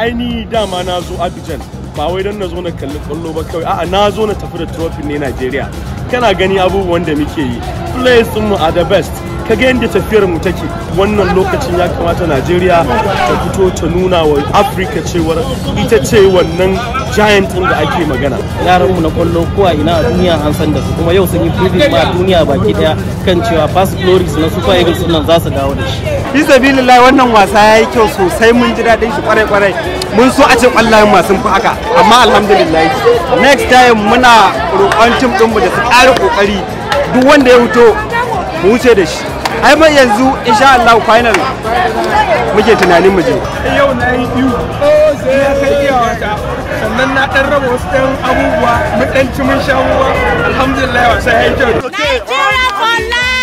ainihi dama na zo Abidjan ba wai don na zo na kalli kwallo ba kawai a'a na zo na tafi da trophy ne Najeriya kana gani abubuwan da muke yi players mu are the best ka ga yadda tafiyar mu take wannan lokacin ya kamata najeriya ta fito ta nuna wa afirka cewar ita ce wannan giant da ake magana yaran mu na kwallo ko a ina a duniya an san da su kuma yau sun yi preview ma duniya baki daya kan cewa past glories na super eagles nan za su dawo da shi bi sabilillah wannan wasa yayi kyau sosai mun ji dadin shi kwarai kwarai mun so a ce kwallayen masu fi haka amma alhamdulillah next time muna roƙon tim ɗinmu da su ƙara ƙoƙari duk wanda ya wuto mu wuce da shi ai mai yanzu insha Allah final muke tunanin mu je yau na yi biyu ya kai iyawa ta sannan na dan raba wasu dan abubuwa mu dan ci mun sha ruwa alhamdulillah wasa yayi kyau Nigeria